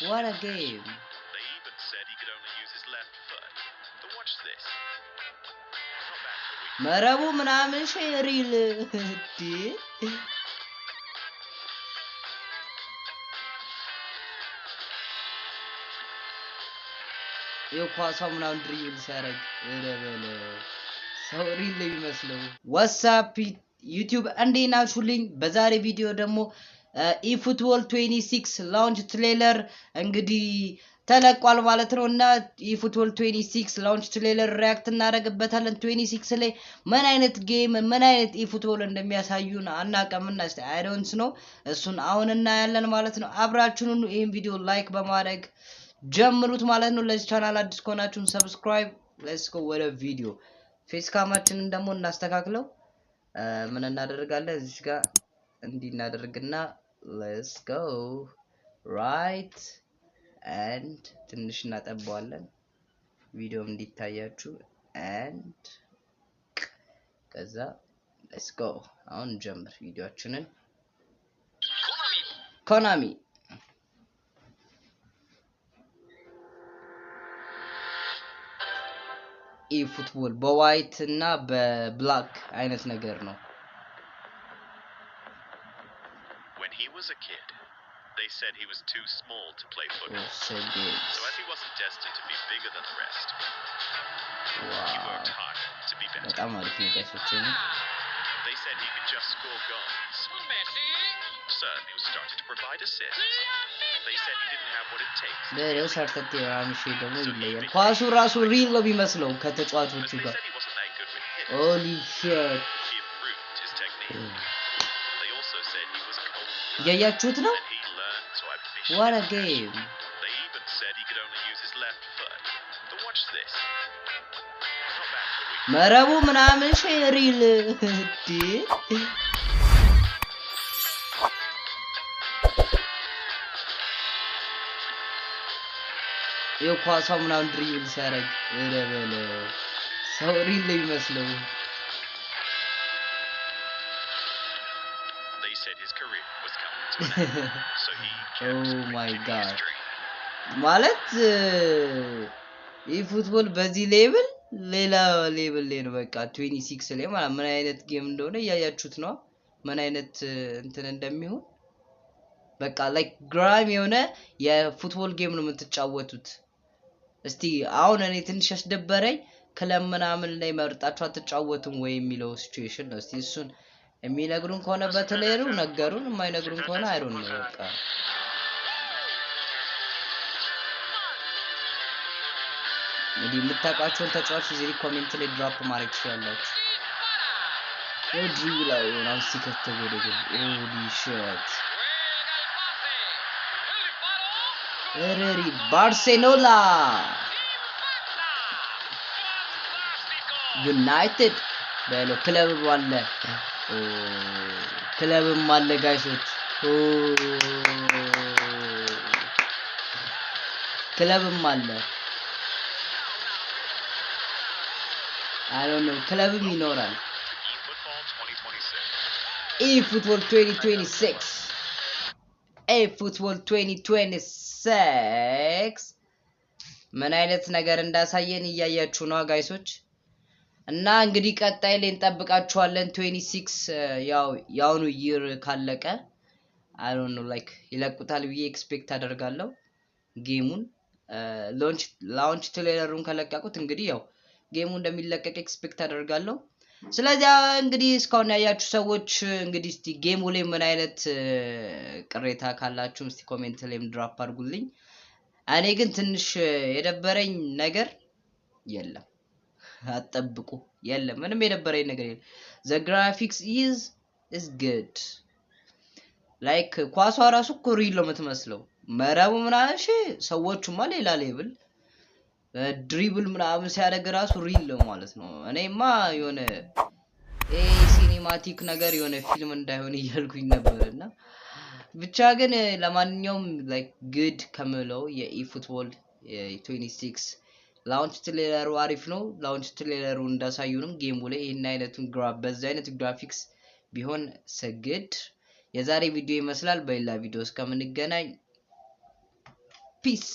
What a game. They even said he could only use his left foot. But watch this. መረቡ ምናምን ሼሪል እንዴ የኳሷ ምናምን ድሪብል ሲያደርግ ረበለ ሰው ሪል ነው የሚመስለው። ዩቲዩብ እንዴ ናችሁልኝ? በዛሬ ቪዲዮ ደግሞ ኢፉትቦል 26 ሲክስ ላውንች ትሌለር እንግዲህ ተለቋል ማለት ነው እና ኢፉትቦል 26 ሲክስ ላውንች ትሌለር ሪያክት እናደርግበታለን። 26 ላይ ምን አይነት ጌም ምን አይነት ኢፉትቦል እንደሚያሳዩን አናቀምና ስ አይዶንስ ነው እሱን አሁን እናያለን ማለት ነው። አብራችሁን ይህን ቪዲዮ ላይክ በማድረግ ጀምሩት ማለት ነው። ለዚህ ቻናል አዲስ ከሆናችሁን ሰብስክራይብ። ሌትስ ጎ ወደ ቪዲዮ ፌስካማችንን ደግሞ እናስተካክለው። ምን እናደርጋለን እዚህ ጋር እንዲናደርግና let's go right ራይት ትንሽ እናጠባዋለን ቪዲዮም እንዲታያችሁ and ከዛ let's go አሁን ጀምር ቪዲዮአችንን ኮናሚ ኢ ፉትቦል በዋይት እና በብላክ አይነት ነገር ነው። he was a kid, they said he was too small to play football. So as he wasn't destined to be bigger than the rest, wow. he worked hard to be better. They said he could just score goals. Soon he was starting to provide assists. They said he didn't have what it takes. There is hard that they are machine the way. ኳሱ ራሱ ሪል ነው የሚመስለው ከተጫዋቾቹ ጋር Holy shit. He improved his technique. They also said he was እያያችሁት ነው። ዋት ጌም! መረቡ ምናምን ሼሪል እንዴ! የኳሷ ምናምን ድሪብል ሲያደርግ ረበለ ሰው ሪል ይመስለው career was oh ማለት ይህ uh, ፉትቦል በዚህ ሌብል ሌላ ሌብል ላይ ነው በቃ ትዌኒ ሲክስ ላይ ማለት ምን አይነት ጌም እንደሆነ እያያችሁት ነው ምን አይነት uh, እንትን እንደሚሆን በቃ ላይክ ግራም የሆነ የፉትቦል ጌም ነው የምትጫወቱት እስቲ አሁን እኔ ትንሽ ያስደበረኝ ክለብ ምናምን ላይ መርጣችሁ አትጫወቱም ወይ የሚለው ሲቹዌሽን ነው እስቲ እሱን የሚነግሩን ከሆነ በተለሩ ነገሩን፣ የማይነግሩን ከሆነ አይሩን ነው በቃ። እንግዲህ የምታውቋቸውን ተጫዋች እዚህ ኮሜንት ላይ ድራፕ ማድረግ ትችላላችሁ። ድሪው ላይ ሆናል ሲከተብ ወደ ግብ ኦዲ ሸት ረሪ ባርሴሎና ዩናይትድ በሎ ክለብ ባለ ክለብም አለ ጋይሶች ክለብም አለ አይዶን ነው ክለብም ይኖራል ኢ ፉትቦል 2026 ኢ ፉትቦል 2026 ምን አይነት ነገር እንዳሳየን እያያችሁ ነው ጋይሶች እና እንግዲህ ቀጣይ ላይ እንጠብቃችኋለን። 26 uh, ያው የአሁኑ ይር ካለቀ አይ ዶንት ኖ ላይክ ይለቁታል ብዬ ኤክስፔክት አደርጋለሁ። ጌሙን ሎንች ላውንች ትሬለሩን ከለቀቁት እንግዲህ ያው ጌሙ እንደሚለቀቅ ኤክስፔክት አደርጋለሁ። ስለዚህ uh, እንግዲህ እስካሁን ያያችሁ ሰዎች እንግዲህ እስቲ ጌሙ ላይ ምን አይነት uh, ቅሬታ ካላችሁ እስቲ ኮሜንት ላይም ድራፕ አድርጉልኝ። እኔ ግን ትንሽ የደበረኝ ነገር የለም። አጠብቁ። የለም ምንም የነበረኝ ነገር የለም። ዘ ግራፊክስ ኢዝ ኢዝ ግድ ላይክ ኳሷ ራሱ እኮ ሪል ነው የምትመስለው። መረቡ ምናምን እሺ፣ ሰዎቹማ ሌላ ሌብል ድሪብል uh, ምናምን ሲያደርግ ራሱ ሪል ነው ማለት ነው። እኔማ የሆነ ሲኒማቲክ ነገር የሆነ ፊልም እንዳይሆን እያልኩኝ ነበር እና ብቻ ግን ለማንኛውም ግድ ከምለው የኢ ፉትቦል 26 ላውንች ትሌለሩ አሪፍ ነው። ላውንች ትሌለሩ እንዳሳዩንም ጌሙ ላይ ይህን አይነቱን በዚ አይነት ግራፊክስ ቢሆን ሰግድ። የዛሬ ቪዲዮ ይመስላል። በሌላ ቪዲዮ እስከምንገናኝ ፒስ